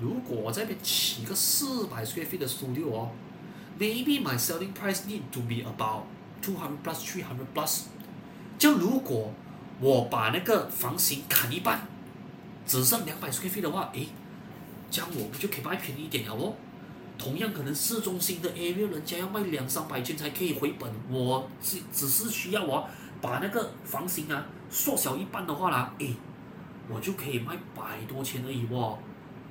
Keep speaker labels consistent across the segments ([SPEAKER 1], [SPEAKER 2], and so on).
[SPEAKER 1] 如果我這邊起個四百 square feet 的 studio 哦，maybe my selling price need to be about two hundred plus three hundred plus。就如果我把那個房型砍一半，只剩兩百 square feet 的話，誒，這樣我們就可以賣便宜一點，呀喎？同樣可能市中心的 area，人家要賣兩三百千才可以回本，我只只是需要我把那個房型啊縮小一半的話啦，誒，我就可以賣百多千而已喎、哦。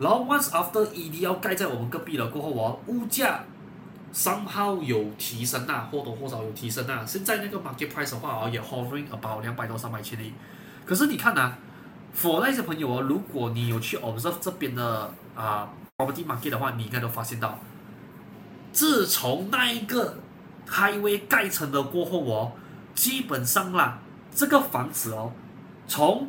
[SPEAKER 1] 然後 once after EDL 蓋在我們隔壁了過後哦，物價 somehow 有提升啊，或多或少有提升啊。現在那個 market price 的話哦，也 hovering about 兩百到三百千令。可是你看啊，for 那一些朋友哦，如果你有去 observe 這邊的啊、uh, property market 的話，你應該都發現到，自從那一個 highway 蓋成了過後哦，基本上啦，這個房子哦，從。